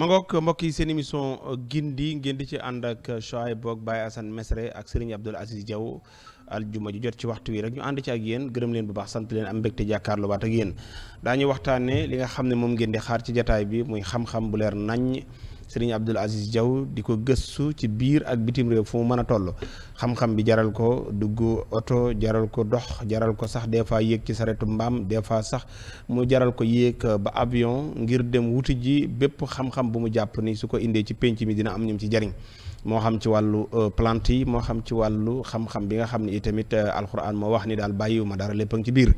ma ngoog mbokk yi seen émission euh, di ngeen di ci ànd ak Chouaib boog Baye Assane Mesre ak Serigne Abdoul Aziz Diaw aljuma ju jot ci waxtu wi rek ñu ànd ci ak yéen gërëm leen bu baax sant leen am mbégte jàkkaarloo baat ak yéen daañu waxtaanee li nga xam ne moom ngeen di xaar ci jataay bi muy xam-xam bu leer naññ. sëriñ Abdul Aziz Diaw di ko gëstu ci biir ak bitim réew fu mu mën a toll xam-xam bi jaral ko dugg oto jaral ko dox jaral ko sax des fois yéeg ci saretu mbaam des fois sax mu jaral ko yéeg ba avion ngir dem wuti ji bépp xam-xam bu mu jàpp ni su ko indee ci penc mi dina am ñoom ci jariñ moo xam ci wàllu euh, plante yi moo xam ci wàllu xam-xam bi nga xam ne itamit euh, alxuraan moo wax ni daal bàyyiwu ma dara lépp ci biir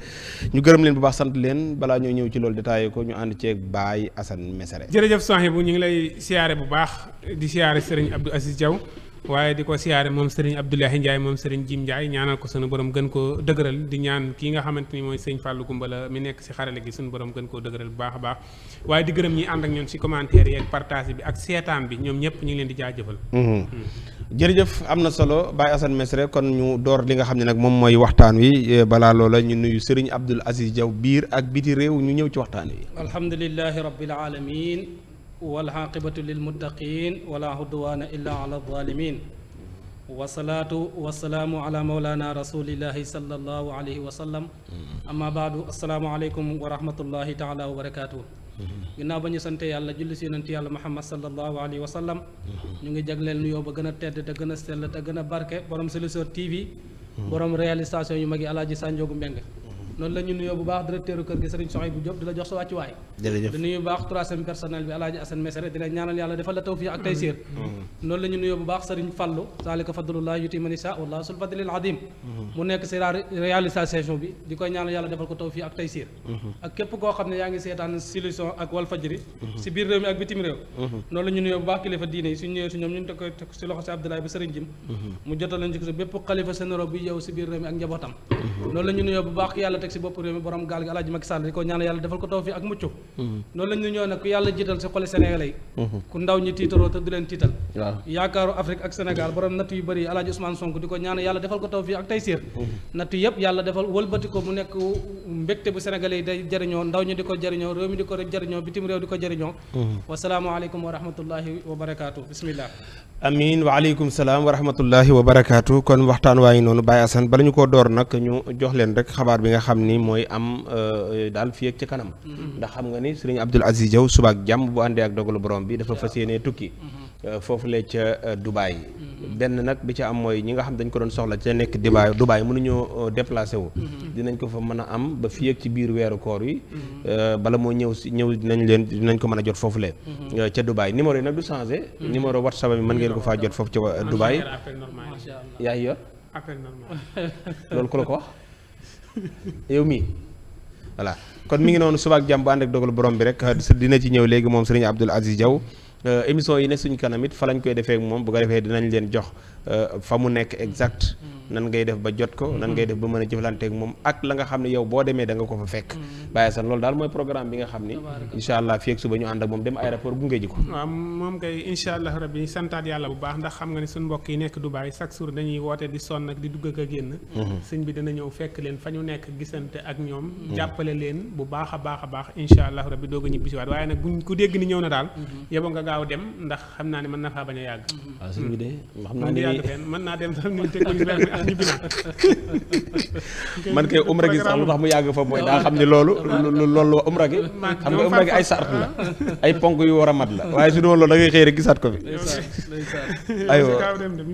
ñu gërëm leen bu baax sant leen balaa ñoo ñëw ci loolu détaillé ko ñu ànd ceeg Baye Assane Mesere. jërëjëf Sohibou ñu ngi lay siyaare bu baax di siyaare Serigne Abdou Aziz Diaw waaye di ko siyaare moom sëriñ Abdoulahi Ndiaye moom sëriñ Jim Ndiaye ñaanal ko sunu borom gën koo dëgëral di ñaan kii nga xamante ni mooy sëñ Fallou Gumbala mi nekk si xarale gi sunu borom gën koo dëgëral baax a baax waaye di gërëm ñi ànd ak ñoom si commentaire yi ak partage bi ak seetaan bi ñoom ñëpp ñu ngi leen di jaajëfal. Mhm. Mm. jërëjëf am na solo Baye Assane Mesre kon ñu door li nga xam ne nag moom mooy waxtaan wi e, balaa loola ñu nuyu sëriñ Abdoul Aziz Diaw réew ñu ñëw ci waxtaan wi. والعاقبة للمتقين ولا عدوان إلا على الظالمين والصلاة والسلام على مولانا رسول الله صلى الله عليه وسلم أما بعد السلام عليكم ورحمة الله تعالى وبركاته ginnaaw ba ñu sante yàlla julli si yonent yàlla muhammad sallallahu alayhi wa sallam ñu ngi jagleel nuyoo ba gën a tedd te gën a sell te gën a barke borom Solution TV borom réalisation yu mag yi alaaji Sanjoogu Mbeng noonu la nuyoo bu baax directeur kër gi Serigne Soxaybu Diop di la jox sa wàccuwaay di ñaanal yàlla defal la tawfiq ak taysiir mm-hmm. mm-hmm. noonu la nuyoo bu baax Serigne Fallu zaalika fadlullah yuti manisa wallah sul fadlil adim mm-hmm. mu nekk si réalisation bi di koy ñaanal yàlla defal ko tawfiq ak taysiir ak képp koo xam ne yaa ngi seetaan solution ak Walfajri si biir réew mi ak bitim réew noonu la nuyoo bu baax kilifa diine yi suñu ñëwee si si bopp réew mi borom gaal gi El Hadj di ko ñaan yàlla defal ko tawfiq ak mucc. Mm-hmm. noonu la ñu ñëw nag ku yàlla jiital si xoli Sénégalais yi. Mm-hmm. ku ndaw ñi tiitaroo te du leen tiital. waaw yaakaaru Afrique ak Sénégal borom natt yu bëri El Hadj Ousmane di ko ñaan yàlla defal ko tawfiq ak taysiir. Mm-hmm. natt yëpp yàlla defal wëlbati ko mu nekk mbégte bu Sénégalais yi day jëriñoo ndaw ñi di ko jëriñoo réew mi di ko jëriñoo bitim réew di ko jëriñoo. wasalaamualeykum wa rahmatullahi wa barakaatu bismillah amin waaleykum salaam wa rahmatullahi wa ko door nag ñu jox leen rek xabaar xam ni mooy am euh, daal fii ak ci kanam. Mm-hmm. ndax xam nga ni sëriñ Abdul Aziz Diaw suba ak jàmm bu àndee ak dogalu borom bi dafa fas yéenee tukki. Mm-hmm. Euh, foofu la ca euh, Dubaay. Mm-hmm. benn nag bi ca am mooy ñi nga xam dañ ko doon soxla ca nekk Dubaay Dubaay mënuñoo déplacé wu. dinañ ko fa mën a am ba fii ak ci biir weeru koor yi. bala moo ñëw si ñëw dinañ leen dinañ ko man a jot foofu le ca Dubaay numéro yi nag du changé. numéro WhatsApp bi mën ngeen ko faa jot foofu ca Dubaay. yaa ngi ko yow mii voilà kon mi ngi noonu suba ak jàmm bu ànd ak dogal borom bi rek dina ci ñëw léegi moom sëriñ Abdoul Aziz jaw euh, émission yi ne suñ kanam it fa lañ koy defee ak moom bu ko defee dinañ leen jox. Euh, fa mu nekk exact mm-hmm. nan ngay def ba jot ko nan ngay def ba mën a jëflanteek moom ak la nga xam ne yow boo demee da nga ko fa fekk mm-hmm. Baye Assane loolu daal mooy programme bi nga xam ni incha allah fii ak suba ñu ànd ak moom dem aéroport gunge bu baax ndax xam nga ne suñu mbokk yi nekk Dubaay chaque jour dañuy woote di sonn ak di dugg ak a génn mm-hmm. sëñ bi dana ñëw fekk leen fa ñu nekk gisante ak ñoom jàppale leen bu baax a baax a baax incha allah rabbi doog a ñibbisiwaat waaye nag buñ ku dégg ni ñëw na daal yebo nga xam naa ne man na faa bañ a yàgg ah, mën naa dem sax naa man kay umra gi sax lu tax mu yàgg fa mooy daa xam ne loolu loolu umra gi xam nga umra gi ay sart la ay ponk yu war a mat la waaye su doon loolu da ngay xëy rek gisaat ko fi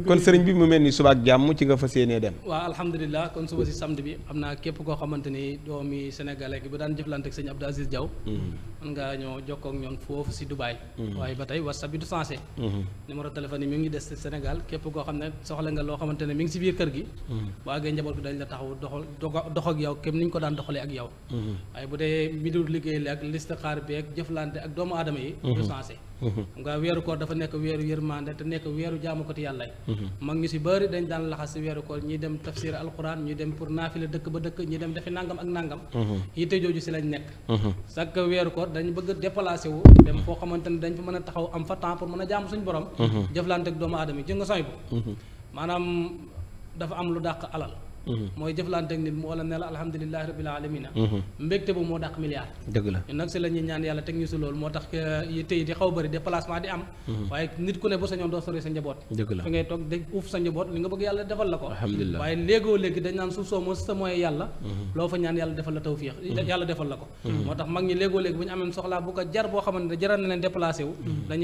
kon sëriñ bi mu mel ni suba ak jàmm ci nga fas yéenee dem waaw alhamdulilah kon suba si samedi bi am naa képp koo xamante ni doomi sénégalais gi bu daan jëflante ak sëñ Abdou Aziz Diaw mm-hmm. mën ngaa ñoo jokkoo ak foofu si Dubaay mm-hmm. waaye ba tey WhatsApp bi du sensé mm-hmm. numéro téléphone yi mi ngi xam ne soxla nga loo xamante ne mi ngi si biir kër gi hmm. bu àggee njaboot bi dañ la taxaw doxal dox ak yow kem ni ñu ko daan doxalee ak yow hmm. waaye bu dee mi dul liggéey li ak listixaar bi ak jëflante ak doomu aadama yi hmm. du sensé xam nga weeru koor dafa nekk weeru yërmande te nekk weeru jaamukati yàlla yi mag ñu si bëri dañ daan laxas si weeru koor ñuy dem tafsir alquran ñuy dem pour naafila dëkk ba dëkk ñuy dem defi nangam ak nangam yitte jooju si lañ nekk chaque weeru koor dañ bëgg déplacé wu dem foo xamante ne dañ fa mën a taxaw am fa temps pour mën a jaamu suñu borom jëflante ak doomu aadama yi jë nga soy bu maanaam dafa am lu dàq alal Mm-hmm. mooy jëflante ak nit mu wala ne la alhamdulilahi rabbil alamina mm-hmm. bu moo dàq milliard dëgg la ñun nag si la ñaan yàlla teg ñu si loolu moo tax euh, tey di xaw bëri déplacement di am mm-hmm. waaye nit ku ne bu sa ñoon doo sori sa njaboot fi ngay toog de uuf sa njaboot li nga bëgg yàlla defal la ko waaye léegoo léegi dañ naan suuf soo moo sa mooy yàlla loo fa ñaan yàlla defal la tawfiix yàlla defal la ko moo tax mag ñi léegoo léegi bu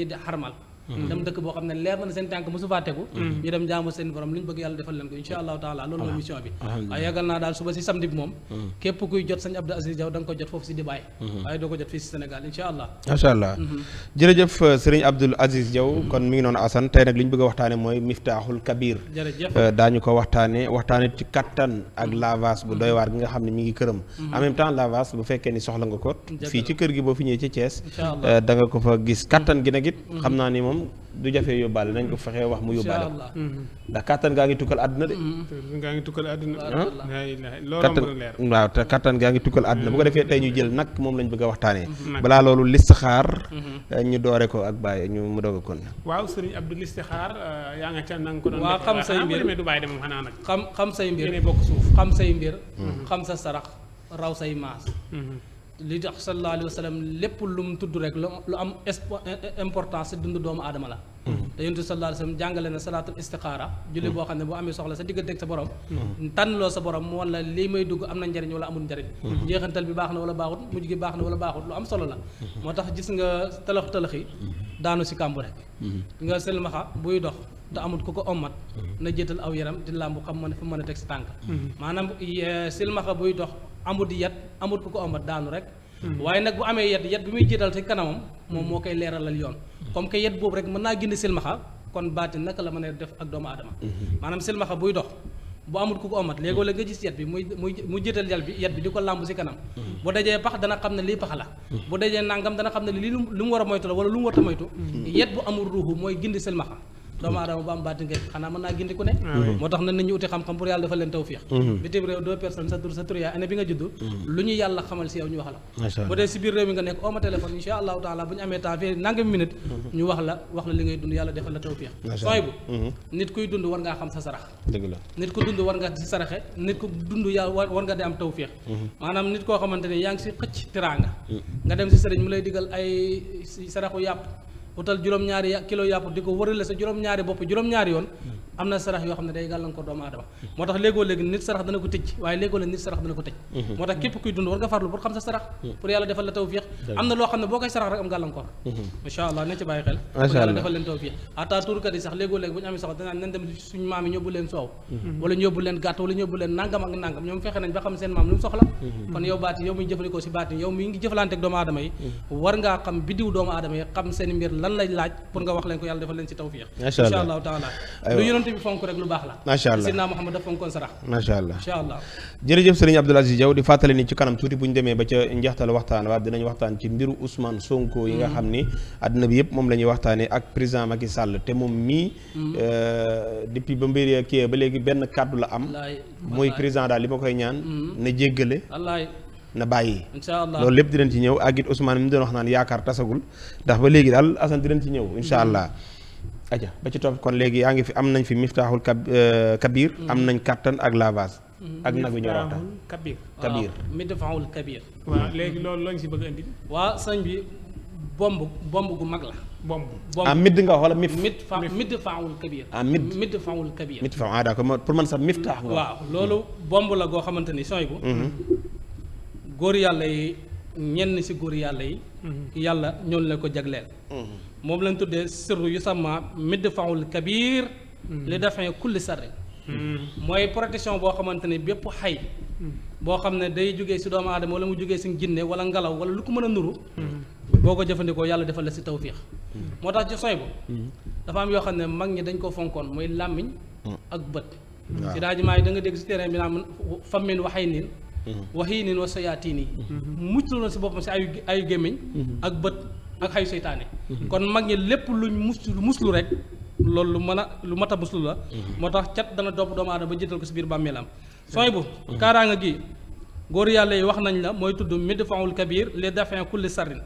ñu amee Mm-hmm. dem dëkk boo xam ne leer na seen tànk mosu faa tegu mm-hmm. ñu dem jaamu seen borom li ñu bëgg yàlla defal leen ko insha allahu taala loolu mooy mission bi waaye yàggal naa daal suba si samedi bi moom mm-hmm. képp kuy jot sëñ Abdou Aziz Diaw da ko jot foofu si Dubaay waaye doo ko jot fii si Sénégal insha allah macha allah jërëjëf euh, sëriñ Abdou Aziz kon mi ngi noonu Assane tey nag li ñu bëgg a waxtaane mooy miftaaxul kabir euh, daañu ko waxtaane waxtaane ci kattan ak lavage bu doy xam ne mi ngi këram en même temps du jafe yóbbaale nañ ko fexee wax mu yóbbaale ko mm-hmm. ndax kattan gaa ngi tukkal àdduna de mm-hmm. kattan ah? waaw te kattan gaa ngi tukkal àdduna bu ko defee tey ñu jël nag moom lañ bëgg a waxtaanee mm-hmm. balaa loolu listixaar ñu doore ko ak bàyyi ñu mu doog a kon waaw sëriñ Abdou listixaar euh, yaa nga ca nanga ko doon waaw xam say ah, mbir xam xam say mbir xam say mbir xam sa sarax raw say maas li tax sallallahu alayhi wa lépp lu mu tudd rek lu am important si dund doomu aadama la mm-hmm. te yonent sallallahu alayhi wa jàngale na salaatul istixaara julli mm-hmm. boo xam ne boo amee soxla sa digganteeg sa borom mm-hmm. tànnloo sa borom la lii may dugg am na njariñ wala amul njariñ jeexantal bi baax na wala baaxut mujj gi baax na wala baaxut lu am solo la moo tax gis nga talax talaxi daanu si kàmbu rek nga selmaxa buy dox te amut ku ko ommat na jéetal aw yaram laa làmbu xam ma ne fu mën a teg si tànk maanaam eh, silmaxa buy dox amut yat amut ku ko amat daanu rek hmm. waaye nag bu amee yet yet bi muy jiital ci kanamam moom moo koy leeralal yoon hmm. comme que yet boobu rek mën naa génn silmaxa kon baati naka la mën a def ak doomu aadama hmm. maanaam silmaxa buy dox bu amut ku ko omat léegoo la nga gis yet bi muy muy mu jiital yel bi yet bi di ko làmb si kanam bu dajee pax dana xam ne lii pax la bu dajee nangam dana xam ne lii lu mu war a moytu la wala lu mu war a moytu yet bu amul ruuxu mooy gindi silmaxa doomu aadama bu am baati ngeen xanaa mën naa gindi ku ne moo tax na nit ñi uti xam-xam pour yàlla dafa leen tawfiix bitim réew deux personnes sa tur sa tur yaay année bi nga judd lu ñu yàlla xamal si yow ñu wax la bu dee si biir réew mi nga nekk oo ma téléphone insha allahu taala bu ñu amee temps fii nangam minute ñu wax la wax la li ngay dund yàlla defal la tawfiix sooy bu nit kuy dund war ngaa xam sa sarax dëgg la nit ku dund war nga si saraxe nit ku dund yaa war nga di am tawfiix maanaam nit koo xamante ne yaa ngi si xëcc tiraanga nga dem si sëriñ mu lay digal ay saraxu yàpp utal juróom-ñaari kilo yàpp di ko wërale sa juróom-ñaari bopp juróom-ñaari yoon am na sarax yoo xam ne day gàllankoor doomu aadama moo tax léegoo léegi nit sarax dana ko tëj waaye léegoo léegi nit sarax dana ko tëj mhm. moo tax képp kuy dund war nga farlu pour xam sa sarax mhm. pour yàlla defal la tawfiix am na loo xam ne boo koy sarax rek am gàllankoor mhm. incha allah nañ ci bàyyi xel pour yàlla defal leen tawfiix ata tuurkat yi sax léegoo léegi bu ñu amee sax danaan nañ dem suñu maam yi ñóbbu leen soow wala ñu yóbbu leen gàtt wala ñu yóbbu leen nàngam ak nàngam ñoom fexe nañ ba xam seen maam lu mu soxla kon yow baat yow muy jëfandikoo si baat yow mi ngi jëfalante ak doomu aadama yi war ngaa xam biddiw doomu aadama yi xam seen mbir lan lay laaj pour nga wax leen ko yàlla defal leen ci tawfiix incha allahu taala yonent bi rek lu baax la. macha allah sidna Muhammad dafa fonkoon sarax. macha allah macha allah. jërëjëf sëriñ Abdoul Aziz Diaw di fàttali ni ci kanam tuuti bu ñu demee ba ca njeextal waxtaan waa dinañ waxtaan ci mbiru Ousmane Sonko yi nga mm. xam ni àdduna bi yëpp moom la ñuy waxtaanee ak président i Sall te moom mii. Mm. Euh, depuis ba mbir kii ba léegi benn kàddu la am. mooy président daal li ma koy ñaan. Mm. na jéggale. na bàyyi incha allah loolu lépp dinañ ci ñëw ak it Ousmane mi wax naan yaakaar tasagul ndax ba léegi daal Assane dinañ ci ñëw incha allah. aja ba ci topp kon léegi yaa ngi fi am nañ fi miftaaxul euh, kabir mm-hmm. am nañ kàttan ak lavage mm-hmm. ak nag wi ñu a kabir kabir ah, miftaaxul kabir waaw léegi loolu lañ si bëgg indi waaw sëñ bi bomb bomb gu mag la bomb bomb ah midd nga wax wala mif mid fa mid faawul kabir ah mid mid faawul kabir mid faaw ah, pour man sax miftaax nga waaw loolu bomb la goo xamante ni sooy bu mm-hmm. góor yàlla yi ñenn si góor yàlla yi yàlla ñoonu la ko jagleel moom lañ tuddee sirru yu sama midfaul kabir hmm. li dafin kulli sarri hmm. mooy protection boo xamante ne bépp xay hmm. boo xam ne day jógee si doomu aadama wala mu jógee si jinne wala ngelaw wala lu ko mën a nuru boo ko jëfandikoo yàlla defal la si tawfiix moo tax ci soy bu dafa am yoo xam ne mag ñi dañ ko fonkoon mooy làmmiñ ak bët si daa maa yi da nga dégg si terrain bi naa fammin waxay niin waxii niin wa soyaati nii mucc loolu si boppam si ayu ayu gémmiñ ak bët ak xayu seytaane mhm. kon mag ñi lépp lu mus lu muslu rek loolu lu mën a lu mat a muslu la mhm. moo tax cat dana dopp doomu aadama ba jiital ko si biir bàmmeelam sooy bu mhm. kaaraanga gi góor yàlla yi wax nañ la mooy tudd midfaul kabir les dafin kulli sarrin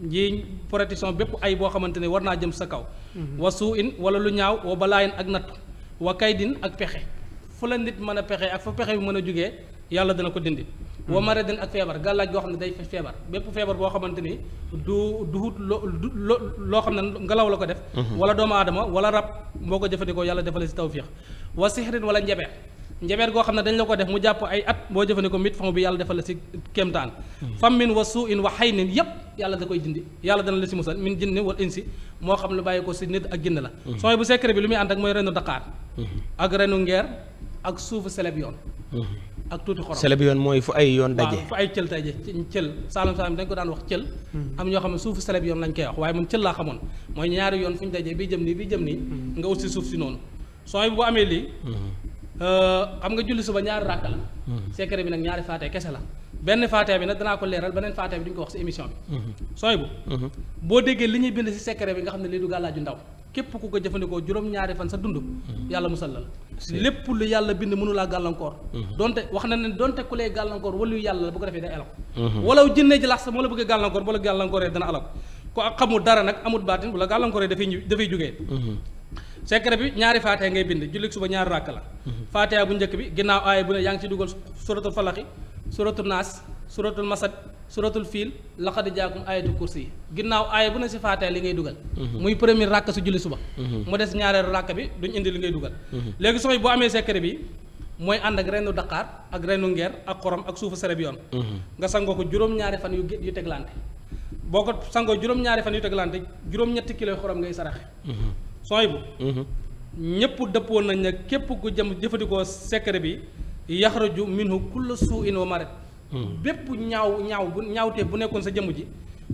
njiiñ protection bépp ay boo xamante ne war naa jëm sa kaw wa suu in wala lu ñaaw wa balaayin ak nattu wa kaydin ak pexe fu la nit mën a pexe ak fa pexe bi mën a jógee yàlla dana ko dindi wa maradin ak feebar gàllaaj goo xam ne day feebar bépp feebar boo xamante ni du duhut loo loo loo xam ne ngelaw la ko def mhm. wala doomu aadama wala rab moo ko jëfandikoo yàlla defale si tawfiix wa sixrin wala njabeer njabeer goo xam ne dañ la ko def mu jàpp ay at boo jëfandikoo mit fam bi yàlla defal la si kéemtaan mhm. fam min wa suu in wa xay nin yépp yàlla da koy dindi yàlla dana la si musal min jinni wal insi moo xam lu bàyyi ko si nit ak jinn la mhm. sooy bu secret bi lu muy ànd ak mooy renu daqaar ak renu ngeer ak suufu seleb yoon ak tuuti xorom sele yoon mooy fu ay yoon daje fu ay cël daje cël saalum saalum dañ ko daan wax cël hmm. am ñoo xam ne suufu sele bi yoon lañ koy wax waaye man cël laa xamoon mooy ñaari yoon fu ñu dajee bii jëm nii bii jëm nii hmm. nga aussi suuf si noonu sooy bu amee lii hmm. euh, xam nga julli suba ñaari ràkk la secret bi nag ñaari faatee kese la benn faatee bi nag danaa ko leeral beneen faatee bi duñ ko wax si émission bi sooy bu boo déggee li ñuy bind si secret bi nga xam ne lii du gàllaaju ndaw képp ku ko jëfandikoo juróom-ñaari fan sa dund mhm. yàlla musal la lépp lu yàlla bind mënulaa gàllankoor mhm. donte wax na ne donte ku lay gàllankoor walu yàlla la bu ko defee day alako mhm. walaw jënnee ji lax sa moo la bëgg gàllankoor boo la gàllankooree dana alako ko xamul dara nag amul baatin bu la gàllankooree dafay dafay jógee secret bi ñaari faatee ngay bind jullit suba ñaari ràkk la faatee bu njëkk bi ginnaaw aaya bu ne yaa ngi ci dugal suratul falaxi suratul naas suratul masad suratul fiil laqad jaakum ayatu kursi ginnaaw aaya bu ne si faatee li ngay dugal mhm. muy premier ràkk su julli suba mhm. mu des ñaareelu ràkk bi duñ indi li ngay dugal mhm. léegi soxna boo amee secret bi mooy ànd ak rennu daqaar ak renu ngeer ak xorom ak suufu sere bi yoon nga sangoo ko juróom-ñaari fan yu yu teglante boo ko sangoo juróom-ñaari fan yu teglante juróom-ñetti kiloy xorom ngay saraxe soxna bu ñépp dëppoon nañ ne képp ku jëm jëfandikoo secret bi yaxraju minhu kullu suu'in wa marat bépp ñaaw ñaaw bu ñaawte bu nekkoon sa jëmm ji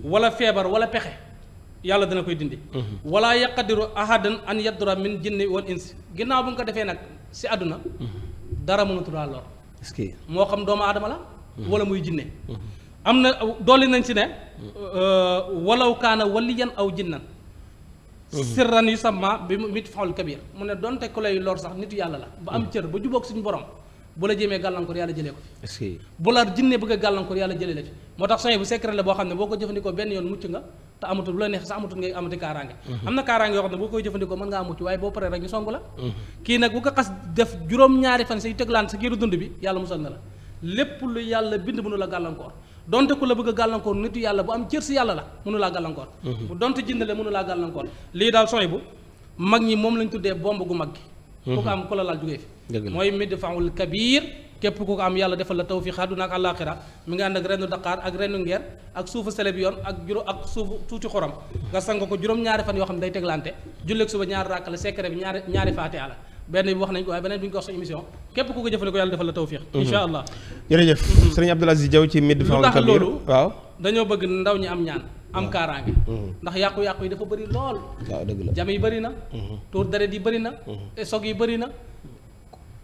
wala feebar wala pexe yàlla dana koy dindi mhm. wala yaqadiru ahadan an yadra min jinni wal ins ginnaaw bu nga ko defee nag si àdduna mhm. dara mënatulaa lor moo xam doomu aadama la mhm. wala muy jinne am na dolli nañ si ne euh, walaw kaana waliyan aw jinnan sirran yu sama bi mit faul kabir mu ne donte ku lay lor sax nitu yàlla la ba am cër ba jubóog suñu borom bu la jéemee gàllankoor yàlla jëlee ko la a gàllankoor yàlla jëlee la fi moo tax soin bu secret la boo xam ne boo ko jëfandikoo benn yoon mucc nga te amatul bu la neex sax amatul ngay amati kaaraange mhm. am na kaaraange yoo xam ne boo koy jëfandikoo mën ngaa mucc waaye boo paree rek ñu song la mhm. kii nag bu ko xas def juróom-ñaari fan say teglaan sa giiru dund bi yàlla musal na la lépp lu yàlla bind mënu la gàllankoor donte ku la bëgg a gàllankoor nitu yàlla bu am cër si yàlla la mënu laa gàllankoor mhm. donte jinne la mënu laa gàllankoor lii daal lañ tuddee bomb gu mag gi ku la laal jógee mooy midfaul kabir képp ku ko am yàlla defal la tawfiq àdduna ak àllaaxira ngi ànd ak rendu daqaar ak rendu ngeer ak suufu seleb yoon ak juróom ak suufu tuuti xorom nga ko juróom-ñaari fan yoo xam ne day teglante julleeg suba ñaari ràkk la secret bi ñaari ñaari faatiha la benn bi wax nañ ko waaye beneen bi ko wax sa émission képp ku ko jëfale ko yàlla defal la tawfiq mhm. insha allah jërëjëf mhm. sëriñ Abdoul Aziz Diaw ci midfaul kabir loolu waaw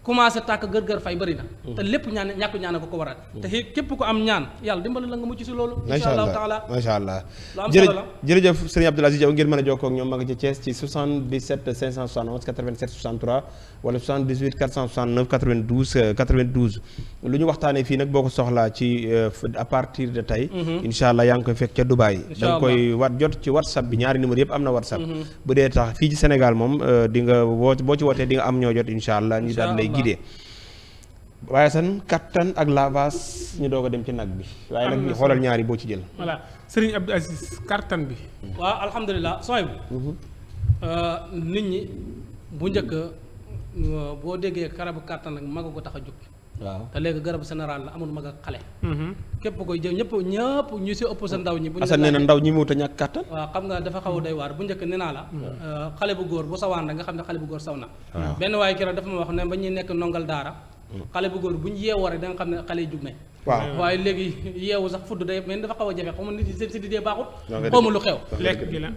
commencé tàkk gër-gër fay bëri na mm. te lépp ñaan ñàkk ñaan ko ko waral mm. te képp ko am ñaan yàlla dimbali la nga mucc si loolu insha allahu taala macha allah jërëjëf jërëjëf Aziz Diaw ngeen mën a jokkoo ak ñoom ma nga ci Thiès ci 77 571 87 63 wala 78 469 92 92 lu ñu waxtaanee fii nag boo ko soxlaa ci euh, à partir de tey mm-hmm. incha allah yaa ngi koy fekk ca Dubaay da nga koy wat jot ci whatsapp bi ñaari numéro yëpp am na whatsapp mm-hmm. bu dee tax fii ci Sénégal moom euh, dinga woo boo ci wootee dinga am ñoo jot incha allah ñu daal lay guidé waaye san kattan ak lavage ñu doog a dem ci nag bi waaye nag xoolal ñaari boo ci jël voilà Serigne Abdou Aziz kattan bi mm-hmm. waaw alhamdulilah sooy euh, nit ñi bu njëkk boo déggee karabu kattan nag mag ko tax a jóg waaw te léegi garab général la amul mag ak xale. Mm-hmm. képp koy jëm ñëpp ñëpp ñu si ëpp sa ndaw ñi. bu ñu Assane nee na ndaw ñi mu wut a ñàkk kàttan. waaw xam nga dafa xaw a doy waar bu njëkk nee naa la. Mm-hmm. Euh, xale bu góor bu sawaan da xam ne xale bu góor saw na. benn waaye keroog dafa ma wax ne ba ñuy nekk ndongal daara. Mm. xale bu góor bu ñu yeewoo rek da nga xam ne xale yi jug nañ. waaye léegi yeewu sax fudd day mel dafa xaw a jafe xaw ma nit yi si didee baaxut xaw ma lu xew lekk gi la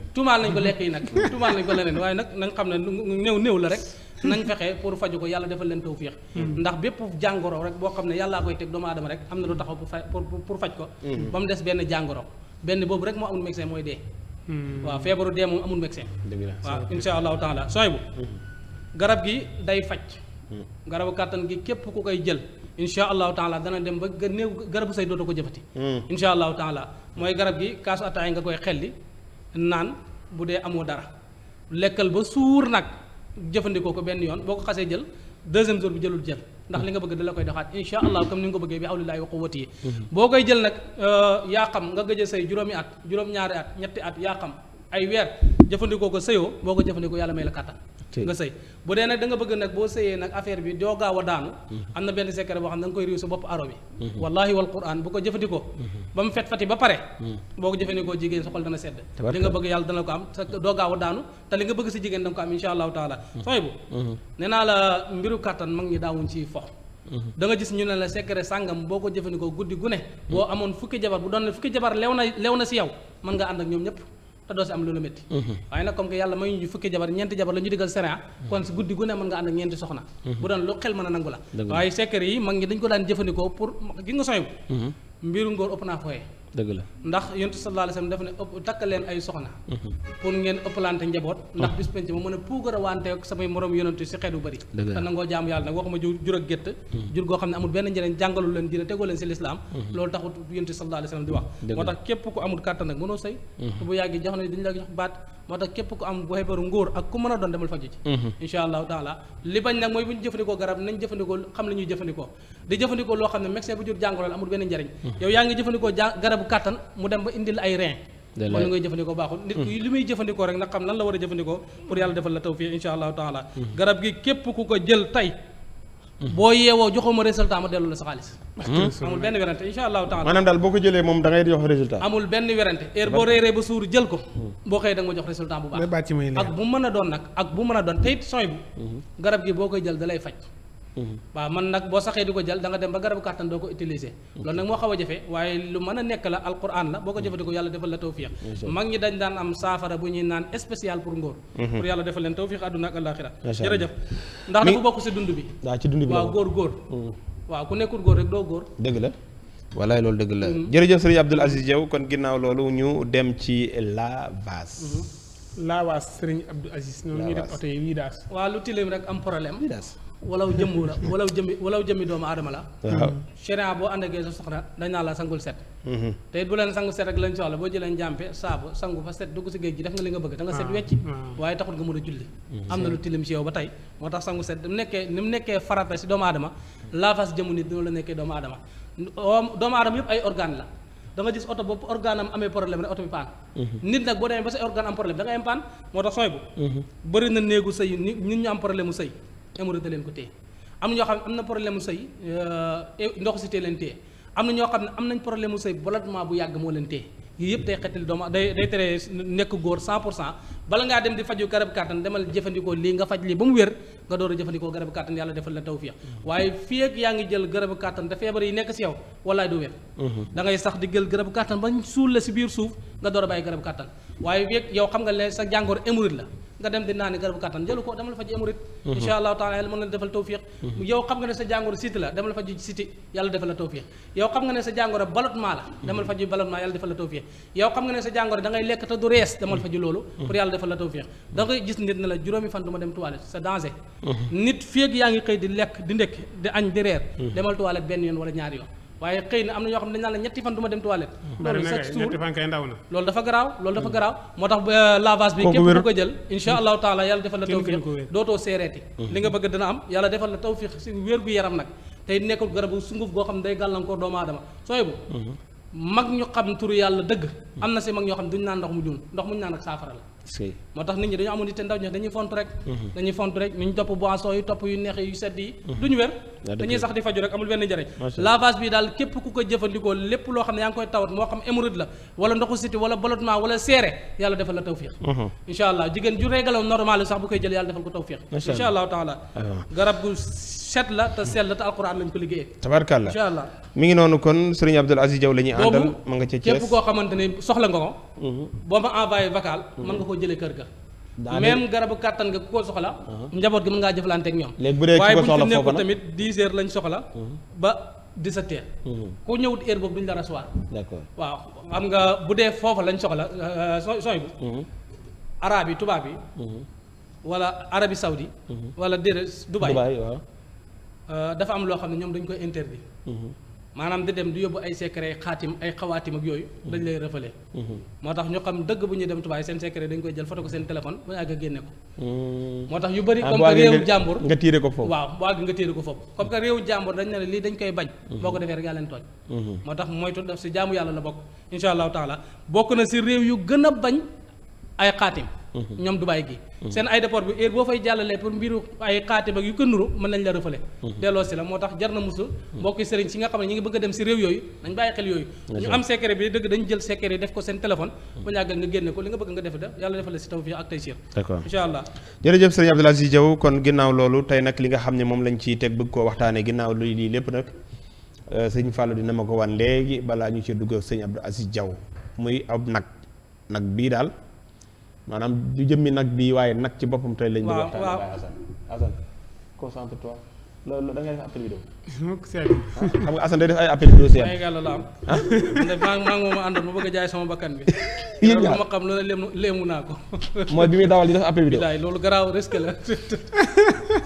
nañ ko lekk yi nag tuumaal nañ ko leneen waaye nag na xam ne néew néew la rek nañ fexe pour faju ko yàlla defal leen tawfiix hmm. ndax bépp jàngoro rek boo xam ne yàllaa koy teg doomu aadama rek am na lu taxaw pour pour faj ko hmm. ba mu des benn jàngoro benn boobu rek moo amul médecin mooy dee hmm. waaw feebaru dee moom amul médecin waaw insha allahu taala sooy bu garab gi day faj garabu kàttan gi képp ku koy jël insha allahu taala dana dem ba gën néew garabu say dootoo ko jëfati insha allahu taala mooy garab gi kaasu ataay nga koy xelli naan bu dee amoo dara lekkal ba suur nag jëfandikoo ko benn yoon boo ko xasee jël deuxième jour bi jëlul jël ndax li nga bëgg da la koy doxaat insha allah comme ni nga ko bëggee bi awlilaay wa quwwati yi mhm. boo koy jël nag euh, yaa xam nga gëj a sëy juróomi at juróom-ñaari at ñetti at yaa xam ay weer jëfandikoo ko sëyoo boo ko jëfandikoo yàlla may la kàttan nga sëy bu dee nag da nga bëgg nag boo sëyee nag affaire bi doo gaaw a daanu mhm. am na benn secret boo xam ne da nga koy riiw sa bopp aro bi mhm. wallaahi wal quran bu ko jëfandikoo mhm. fati ba pare boo ko jigéen sa xol dana sedd li nga bëgg yàlla dana ko am sa doo gaaw a daanu te li nga bëgg si jigéen da nga ko am insha allahu taala sooy bu nee naa la mbiru kàttan mag ñi daawuñ ci fox danga gis ñu ne la secret sàngam boo ko jëfandikoo guddi gu ne boo amoon fukki jabar bu doon ne fukki jabar lew na lew na si yow mën nga ànd ak ñoom ñëpp te si am loolu métti mhm. waaye nag comme que yàlla may ñu fukki jabar ñeenti jabar la diggal séréa mhm. kon guddi gu ne mën nga ànd ak ñeenti soxna mhm. bu doon lu xel mën a nangu la waaye secret yi mag ñi dañ ko daan jëfandikoo pour gi nga soy mbiru ngóor ëpp naa fooye dëgg la ndax yonent sallallahu alayhi wasallam daf ne ëpp takk leen ay soxna mhm. pour ngeen ëppalante njaboot oh. ndax bis penc ma mën a ak samay morom yonent si xeet bu bëri te nangoo yàlla nag waxuma jur ak gétt mhm. jur goo xam ne amul benn njëriñ jàngalu leen dina tegoo leen si lislaam mhm. loolu taxut yonent sallallahu alayhi di wax moo tax képp ku amul kàttan mënoo sëy bu yàggi jox na dañu la baat moo tax képp ku am feebaru ngóor ak ku mën a doon demal faju ci mhm. insha allahu taala li bañ nag mooy bu ñu jëfandikoo garab nañ jëfandikoo xam li ñuy jëfandikoo di jëfandikoo loo xam ne médecin bu jur jàngoro la amul benn njariñ mhm. yow yaa ngi jëfandikoo garabu kàttan mu dem ba indil ay rein wala ngay jëfandikoo baaxul nit ki mhm. li muy jëfandikoo rek nag xam lan la war a jëfandikoo pour yàlla defal la tawfiq insha allahu taala garab gi képp ko jël tey Mhm. boo yeewoo joxoo ma résultat ma dellu la sa xaalis. amul benn werante incha allahu taala. maanaam daal boo ko jëlee moom da ngay jox résultat. amul benn werante heure boo reeree ba suur jël ko. Mhm. boo xëyee da nga ma jox résultat bu baax. ak bu mën a doon nag ak bu mën a doon te it sooy mhm. garab gi boo koy jël da lay faj. Mm-hmm. waaw man nag boo saxee di ko jël da nga dem ba garabu kàttan doo ko utiliser mm-hmm. loolu nag moo xaw a jafe waaye lu mën a nekk la alquran la boo ko mm-hmm. jëfandikoo yàlla defal la tawfiq mag ñi yàlla defal leen tawfiq àdduna ak àllaaxira jërëjëf ndax dafa bokk si dund bi waaw góor góor waaw ku nekkul góor rek doo góor dëgg la wallaay loolu dëgg la jërëjëf sëriñ Abdoul Aziz Diaw kon ginnaaw loolu ñu dem ci la base laawaas Serigne Abdou noonu ñuy def oto yi wiidaas. waaw lu tilim rek walaw jëmmu la walaw jëmmi walaw jëmmi doomu aadama la waaw sharia boo ànd ak sa soxna dañ naa la sangul set mhm. te du leen sangu set rek lañ soxla boo jëleen jàmpe saabu sangu fa set dugg si géej gi def nga li nga bëgg da nga set ah. wecc ah. waaye taxul nga mën a julli mhm. am na lu tilim si yow ba tey moo tax sangu set mu nekkee ni mu nekkee farata si doomu aadama laafas jëmu nit dina la nekkee doomu aadama doomu aadama yëpp ay organe la da nga gis oto boobu organe am amee oto bi paan mhm. nit nag boo demee ba say organe am problème da nga am paan moo tax hémorroïde da leen ko téye am na ñoo xam ne am na problème mu sëy euh, ndoxu cité leen téye am na ñoo xam ne am nañ problème mu sëy ballottement bu yàgg moo leen tee yii yëpp day xettali dooma day day tere nekk góor 100 pour cent bala ngaa dem di faju garab kàttan demal jëfandikoo lii nga faj lii ba mu wér nga door a jëfandikoo garabu kàttan yàlla defal la tawfiix waaye fii ak yaa ngi jël garabu kàttan da feebar yi nekk si yow wallaay du wér mhm. da ngay sax di jël garabu kàttan ba suul la si biir suuf nga door a bàyyi garab waaye yéeg mhm. mhm. yow xam nga ne sa jàngoor émorite la nga dem di naan garabu kattan jëlu ko demal faj émorite insha allahu taala yàlla mën na defal tawfiq yow xam nga ne sa jàngoor siti la demal faj siti yàlla defal la tawfiq yow xam nga ne sa jàngoor ballottement la mhm. demal faj ballottement yàlla defal la tawfiq yow xam nga ne sa jàngoor da ngay lekk te du rees demal faj loolu pour yàlla defal la tawfiq da ngay gis nit ne la juróomi fan du ma dem toilette sa danger nit féeg yaa ngi xëy di lekk di ndekk di añ di reer demal toilette yoon wala ñaari waaye xëy na am na ñoo xam ne dañ la ñetti fan du ma dem toilette. Hmm. loolu chaque dafa garaaw loolu dafa hmm. garaaw moo tax euh, lavage bi képp ku ko jël insha hmm. allahu taala yàlla defal la tawfiq dootoo seereeti li nga bëgg dana am yàlla defal la tawfiq si wér gu yaram nag tey nekkul garabu sunguf goo xam ne day gàllankoor doomu aadama sooy bu mag ñu xam turu yàlla dëgg am na si mag ñoo xam ne duñu naan ndox mu juun ndox muñu naan ak saafara la moo tax nit ñi dañu amoon di te ndaw ñi dañuy font rek mhm. dañuy ñu topp boisson yi topp yu neex yu sedd yi mhm. duñu wér dañuy sax di faju rek amul benn njëriñ la wala ndoxu siti wala ballottement wala seere yàlla defal la tawfiix mhm. incha allah jigéen ju régalo normal sax bu koy jël yàlla defal ah. la te sell allah mi ngi noonu kon sëriñ Abdoul Aziz Diaw la àndal ma nga ca képp koo xamante soxla nga ko boo ma vocal mën nga koo jëlee kër ga même garabu kàttan nga ku ko soxla uh-huh. njaboot gi mën ngaa jëflanteek ñoom waaye bu ñu fi nekkoon tamit dix heures lañ soxla uh-huh. ba dix-sept heures uh-huh. ku ñëwut heure boobu duñ la recevoir waaw xam nga bu dee foofa lañ soxla euh, sooy araab yi tubaab yi wala arabi saudi wala déedéet Dubaï euh, dafa am loo xam ne ñoom dañ koy interdit maanaam di dem di yóbbu ay secret xaatim ay xawaatim ak yooyu dañ mm-hmm. lay rëfale mm-hmm. moo tax ñu xam dëgg bu ñuy dem tubaay seen secret dañ koy jël foto ko seen téléphone ba yàgg a génne ko mm-hmm. moo tax yu bëri ah, comme nga tiire ko foofu waaw waa gi nga tiire ko foofu comme que réewu jàmbur dañ ne lii dañ koy bañ boo ko defee rek yaa leen tooñ moo tax moytu daf si jaamu yàlla la bokk insha allahu taala bokk na si réew yu gën a bañ ay xaatim Mhm. ñoom Dubaay gi mhm. seen aéroport bi heure boo fay jàllalee pour mbiru ay xaate bag yu ko nuru mën nañ la rëfale mhm. delloo si la moo tax jar na musu mbokki sëriñ si nga xam ne ñi ngi bëgg a dem si réew yooyu nañ bàyyi xel yooyu ñu am secret bi dëgg dañu jël secret yi def ko seen téléphone bu ñàggal nga génne ko li nga bëgg nga def da yàlla defal la si tawfiq ak taysir d'accord incha allah jërëjëf sëriñ Abdoul Aziz Diaw kon ginnaaw loolu tey nag li nga xam ne moom lañ ciy teg bëgg koo waxtaane ginnaaw lu lii lépp nag euh, sëñ Fallou dina ma ko wan léegi balaa ñu ci dugg sëñ Abdoul Aziz Diaw muy ab nag nag bii daal maanaam du jëmmi nag bi waaye nag ci boppam tey lañ. waaw waaw di waxtaan Assane Assane loolu da ngay def appel vidéo. xam nga Assane day def ay appel vidéo seen. waaye gàll la am. maa ah? maa ngi ma àndoon ma bëgg a jaay sama bakkan bi. yéen ñaar ma xam loolu léemu léemu naa ko. mooy bi muy dawal di def appel vidéo. bilaay loolu garaaw risque la.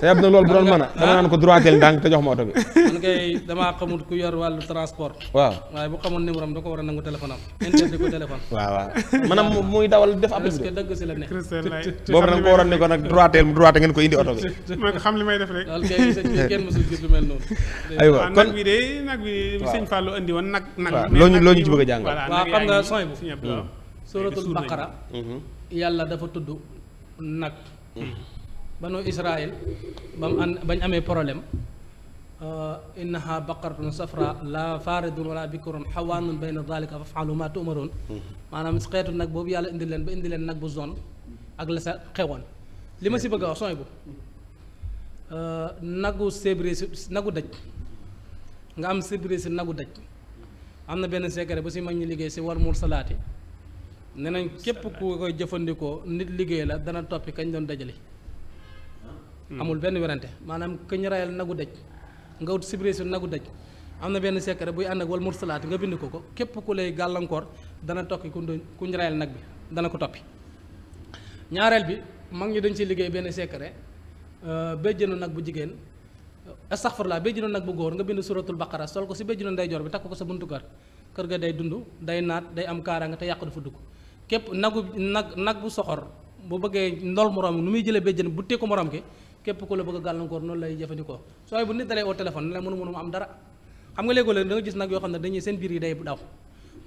te yab na loolu bu doon mën a. Ah? dama naan ko droitel ndànk te jox ma oto bi. man kay damaa xamul ku yor wàllu transport. waaw waaye bu xamoon numéro am da ko war a nangu téléphone am. interdit ko téléphone. waaw waaw maanaam muy dawal def appel vidéo. risque dëgg si la ne. boobu nag ko waroon ne ko nag droitel mu droite ngeen ko indi oto bi. mooy ko xam li may def rek. kenn mësul gis lu mel noonu. aywa kon nag bi de nag bi sëñ Fallou andi woon nag. nag loo ñu loo ñu ci bëgg a jàngal. xam nga sooy bu. suratul baqara mm-hmm. yàlla dafa tudd nag. Mm-hmm. banu Israël ba mu an bañ amee problème. Euh, innaha baqaratun safra la faaridun wala bikurun xawaanun bayna dalika fafaalu ma tumaroon mm-hmm. maanaam xeetu nag boobu yàlla indi leen ba indi leen nag bu zone ak la sa xewoon li ma si bëgg a wax sooy bu Euh, nagu sébré si nagu daj nga am sébré nagu daj am na benn secret bu si mag ñi liggéey si war mursalaati ne nañ képp ku koy jëfandikoo nit liggéey la dana toppi kañ doon dajale hmm. amul benn werante maanaam këñ rayal nagu daj nga wut sébré si nagu daj am na benn secret buy ànd ak wal mursalaati nga bind ko ko képp ku lay gàllankoor dana tokki ku kuñ nag bi dana ko toppi ñaareel bi mag ñi dañ ci liggéey benn secret Euh, béjjënu nag bu jigéen euh, astaxfirullah béjjënu nag bu góor nga bind suratul baqara sol ko si béjjënu ndeyjoor bi takk ko sa buntu kër kër ga day dund day naat day am kaaraa kaaraange te yàqu dafa dugg képp nagu nag nag bu soxor bu bëggee ndol moroom nu muy jële béjjën bu tee ko moroom ki képp ku la bëgg gàllankoor noonu lay jëfandikoo sooy bu nit dalee au téléphone ne la mënu mënu am dara xam nga léegoo leen da nga gis nag yoo xam ne dañuy seen biir yi day daw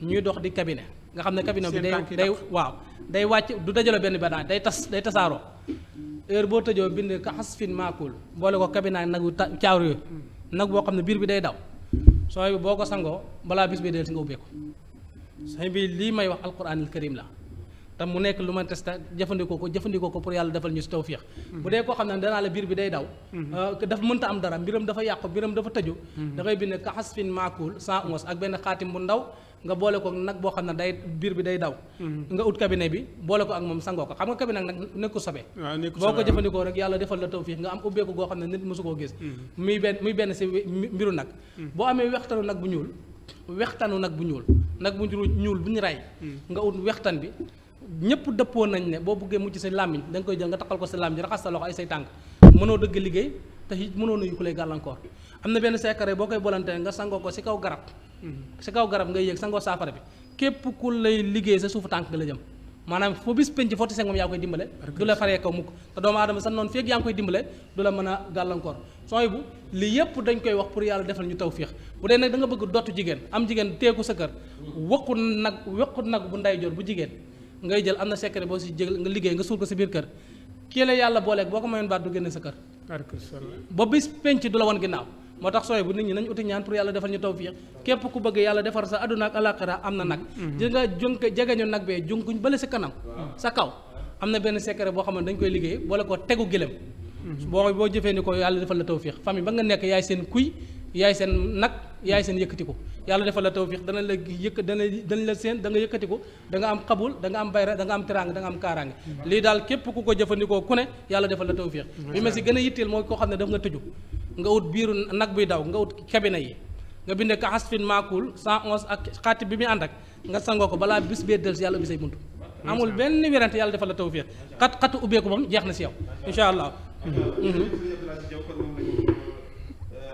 ñuy dox di cabinet nga xam ne cabinet bi day day waaw day wàcc du dajalo benn benn day tas day tasaaroo heure boo tëjoo bind ka xasfin maakul boole ko kabinaay wu caawr yooyu nag boo xam ne biir bi day daw sooy bi boo ko sangoo balaa bis bi del si nga ubbeeku sooy bi lii may wax alquranil karim la te mu nekk lu ma testa jëfandikoo ko jëfandikoo ko pour yàlla defal ñu si tawfiix bu dee koo xam ne danaa la biir bi day daw euh, dafa mënta am dara mbiram dafa yàqu biram dafa tëju hmm. da bind ka xasfin maakul sans ongos ak benn xaatim bu ndaw nga boole ko nag boo xam ne day biir bi day daw mm-hmm. nga ut cabinet bi boole ko ak moom sangoo ko xam nga cabinet nag nekku sobe boo ko jëfandikoo rek yàlla defal la tawfiix nga am ubbeeku goo xam ne nit mosu koo gis mm-hmm. muy benn muy benn si mbiru nag mm-hmm. boo amee wextanu nag bu ñuul wextanu nag bu ñuul nag bu ñuul bu ñu rey nga ut wextan bi ñëpp dëppoo nañ ne boo bëggee mucc sa làmmiñ da koy jël nga ko sa làmmiñ raxas sa loxo ay say tànk mënoo dëgg liggéey te mënoo nuyu ku lay gàllankoor am na benn secret boo koy bolantee nga sangoo ko si kaw garab sa kaw garab ngay yëg sangoo saafara bi képp ku lay liggéey sa suufu tànk nga la jëm maanaam foo bis penc foo tisee moom yaa koy dimbale du la faree kaw mukk te doomu aadama sax noonu feeg yaa koy dimbale du la mën a gàllankoor sooy bu li yépp dañ koy wax pour yàlla defal ñu tawfiix bu dee nag da bëgg dottu jigéen am jigéen teeku sa kër waqu nag waqu nag bu nday jor bu jigéen ngay jël am na secret boo si jël nga liggéey nga suul ko sa moo tax sooy bu nit ñi nañ uti ñaan pour yàlla defal ñu tawfiq képp ku bëgg yàlla defar sa àdduna ak alaxira am na nag di nga junk jegeñu nag bee junkuñ bële sa kanam sa kaw am na benn secret boo xam ne dañ koy liggéey boole ko tegu gëlëm mm-hmm. boo boo jëfee ni ko yàlla defal la tawfiq famille ba nga nekk yaay seen kuy yaay seen nag yaay seen yëkkatiku yàlla defal la tawfiq dana la yëkk dana dañ la seen da nga yëkkatiku da nga am xabul da am bayra da nga am teraanga da am kaaraange mm-hmm. lii daal képp ku ko jëfandikoo ku ne yàlla defal la tawfiq mm-hmm. bi ma si gën a yitteel mooy koo xam ne daf nga tëju nga wut biiru nag buy daw nga wut cabine yi nga bindee ko xasfin maakul 111 ak xaatib bi mu ànd ak nga sangoo ko balaa bis bee dellusi yàlla ubbi say buntu amul benn werante yàlla defal la tawfiq xat xatu ubbeeku bam jeex na si yow incha allah mhm.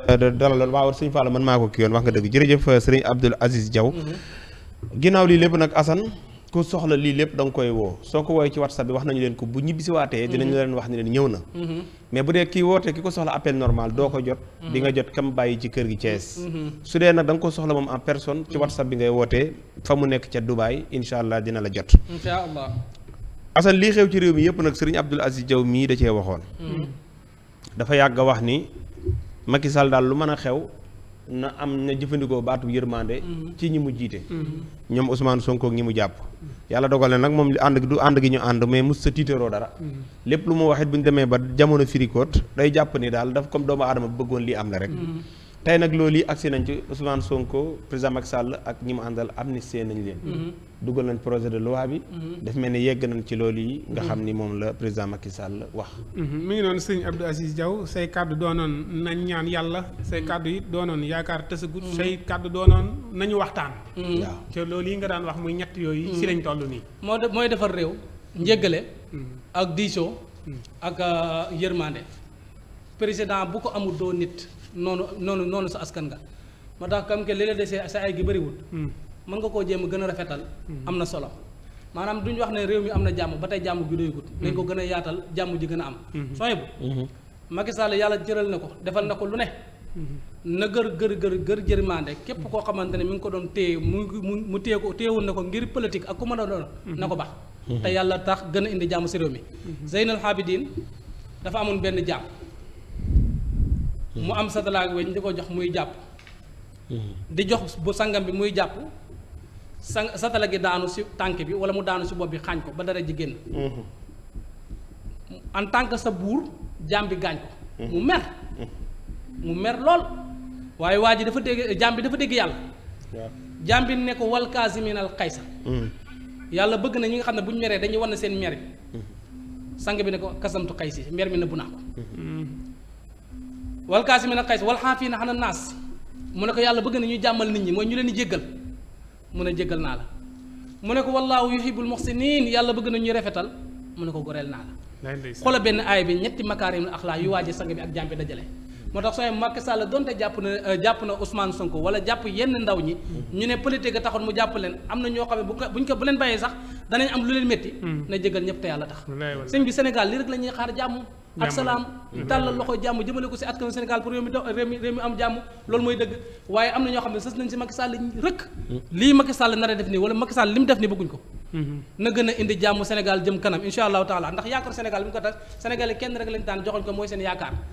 euh, dalal loolu waaw sëñ Fall man maa ko kii yoon wax nga dëgg jërëjëf euh, sëriñ Abdul Aziz Diaw mhm. ginnaaw lii lépp nag Assane ku soxla lii lépp da nga koy woo soo ko woowee ci whatsapp bi wax nañu leen ko bu ñibbisiwaatee dinañu mhm. leen wax ne leen ñëw na mhm. mais bu dee kii wootee ki ko soxla appel normal doo ko jot mhm. di nga jot kam bàyyi ci kër gi Thiès su dee nag da nga ko soxla moom en personne ci whatsapp bi ngay wootee fa mu nekk ca Dubaay incha allah dina la jot incha allah Assane lii xew ci réew mi yëpp nag Serigne Abdoul Aziz Diaw mii da dafa yàgg a wax ni Macky daal lu mën a xew na am na jëfandikoo baatu yërmande mhm. ci ñi mu jiite mhm. ñoom Ousmane Sonko ak ñi mu jàpp yàlla dogal na nag moom ànd du ànd gi ñu ànd mais mos sa tiitaroo dara mhm. lépp lu mu waxit bu ñu demee ba jamono firikoot day jàpp ni daal daf comme doomu aadama bëggoon lii am la rek tey nag loolu yi agsi nañ ci Ousmane Sonko président Macky Sall ak ñi mu àndal amnistie nañ leen. Mm-hmm. dugal nañ projet de loi bi. Mm-hmm. daf mel ni yegg nañ ci loolu yi. nga mm-hmm. xam ni moom la président Macky Sall wax. mi ngi noonu sëñ Abdou Aziz Diaw say kàddu doonoon nañ ñaan yàlla say kàddu yi doonoon yaakaar tësagut. say kàddu doonoon nañu waxtaan. waaw te loolu yi nga daan wax muy ñett yooyu. si lañ toll nii. moo mooy defar réew. njéggale. ak diisoo. ak euh, yërmande. président bu ko amul doo nit. noonu noonu noonu sa askan nga moo tax kam ke léeg-léeg desee sa ay gi bëriwul hmm. mën nga koo jéem gën a rafetal hmm. am na solo maanaam duñu wax ne réew mi am na jàmm ba tey jàmm gi doygut hmm. nañ ko gën a yaatal jàmm ji gën a am sooy bu Macky yàlla jëral na ko defal na ko lu ne na gër gër gër gër jërmande képp koo xamante ne mi ngi ko doon téye mu mu téye ko téyewoon na ko ngir politique ak ku mën a doon na ko bax te yàlla tax gën a indi jàmm si réew mi Zeynal Habidin dafa amoon benn jàmm mu am satalaak weñ di ko jox muy jàpp hmm. di jox bu sangam bi muy jàpp sang satala daanu si tànk bi wala mu daanu si bopp bi xaañ ko ba dara ji génn hmm. en tant que sa buur jaam bi gaañ ko mu hmm. mer mu mer lool waaye waa ji dafa dégg jaam bi dafa dégg yàlla jaam bi ne ko wal kaasiminal xaysa yàlla bëgg na ñi nga xam ne bu ñu meree dañuy wan na seen mer bi sang bi ne ko kasamtu xaysi mer mi nëbbu naa ko wal kaasimiina xays wal xaafiina xanan naas mu ne ko yàlla bëgg na ñu jàmmal nit ñi mooy ñu leen di jéggal mu ne jéggal naa la mu ne ko wallaahu yuhibbul muxsiniin yàlla bëgg na ñuy rafetal mu ne ko goreel naa la xoola benn aay bi ñetti makaarim axlaa yu waaje sang bi ak jàmbi dajale moo tax sooy Macky Sall donte jàpp na euh, jàpp na Ousmane Sonko wala jàpp yenn ndaw ñi ñu ne politique a taxoon mu jàpp leen am na ñoo xam ne bu ko buñ ko bu leen bàyyee sax danañ am lu leen métti hmm. na jéggal ñëpp te yàlla tax sëñ bi Sénégal li rek la ñuy xaar jàmm ak salaam tàllal loxo jàmm jëmale ko si askanu Sénégal pour mm. a def mm-hmm. na gën a Sénégal jëm kanam insha allahu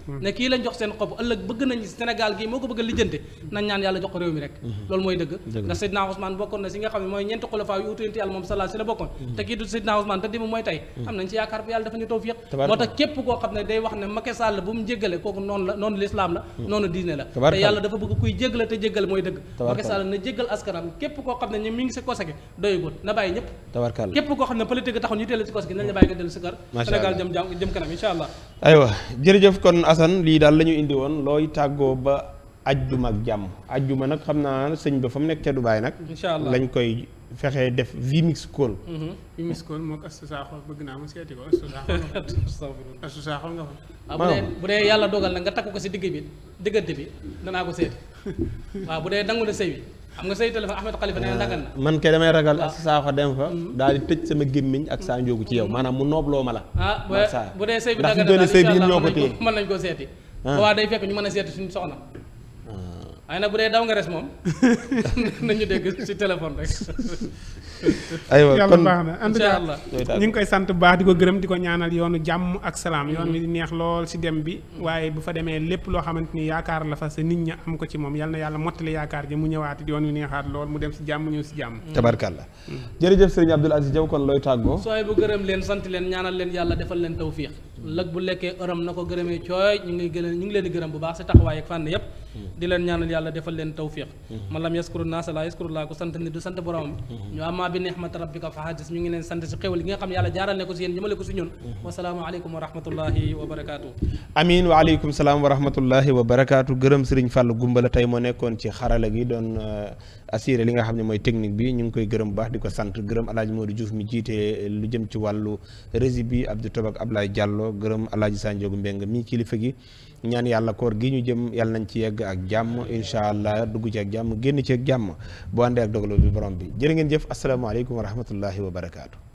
mm. ne kii lañ jox seen xob a lijjante nañ si mm-hmm. ne bokkoon mm-hmm. te kii du Seydina Ousmane te dimu mooy tey am nañ si yaakaar bu yàlla dafa ñu tawfiq moo tax képp koo xam ne day wax ne Macky Sall bu mu jéggale kooku noonu hmm. na képp koo xam ne ñu mi ngi si na bàyyi ñëpp tabarkàlla képp koo xam si kose gi nañ la bàyyi nga dellu si kër Sénégal jëm jàmm jëm kanam incha allah aywa jërëjëf kon Assane lii daal la indi woon looy tàggoo ba ajjuma ak jàmm ajjuma nag xam naa sëñ ba fa mu nekk ca Dubaay nag lañ koy fexe def Vimix Call. Mhm. Vimix Call moog Astou Sakho bëgg naa ma seeti ko Astou Sakho. nga fa. waaw ah, bu dee bu dee yàlla dogal na nga takk ko si digg bi diggante bi danaa ko seeti waaw bu dee nangu na sëy bi xam nga sëy téléphone Ahmed Khalifa nee na dagal na. Ah, man kay damay ragal ah. Astou Sakho dem fa. Mm. daal di tëj sama gémmiñ ak saa njóogu ci yow maanaam mu noobloo ma la. ah bu dee sëy bi dagal na daal incha allah mën nañu ko seeti. waaw day fekk ñu mën ay na bu dee daw nga res moom nañu dégg ci téléphone rek. aywa kon yàlla ñu ngi koy sant baax di ko gërëm di ko ñaanal yoonu jàmm ak salaam yoon wi neex lool ci dem bi mm. waaye bu fa demee lépp loo xamante ni yaakaar la fa sa nit ñi am ko ci moom yal na yàlla mottali yaakaar ji mu ñëwaat yoon wi neexaat lool mu dem ci jàmm ñëw ci jàmm mm. tabarkalla mm. jërëjëf sëriñ Abdoul Aziz Diaw kon looy tàggoo sooy bu gërëm leen sant leen ñaanal leen yàlla defal leen tawfiix bu lekkee ëram na ko gërëmee cooy ñu ngi ñu ngi leen di bu baax ci taxawaay ak fànn yépp di leen ñaanal yàlla defal leen tawfiq man lam yaskuru naasa laa yaskuru laa ko sant nit du sant borom ñu amaa bi nehmat rabbika fa hadis ñu ngi leen sant si xéwal gi nga yàlla jaaral ne ko si yéen jëmale ko si ñun wasalaamu aleykum wa rahmatullahi salaam wa rahmatullahi wa barakaatu gërëm sëriñ Fàllu Gumbala tey moo nekkoon ci xarala gi doon euh, assuré li nga xam ne mooy technique bi ñu ngi koy gërëm bu baax di ko sant gërëm moo Modou Diouf mi jiite euh, lu jëm ci wàllu régie bi ab Abdou Tobak Ablaye Diallo gërëm alaaji Sanjoogu Mbeng mi kilifa gi ñaan yàlla koor gi ñu jëm yàlla nañ ci yegg ak jàmm incha allah dugg ci ak jàmm génn ci ak jàmm bu àndee ak dogalu bi borom bi jërë ngeen jëf asalaamaaleykum wa rahmatullahi wa barakaatu.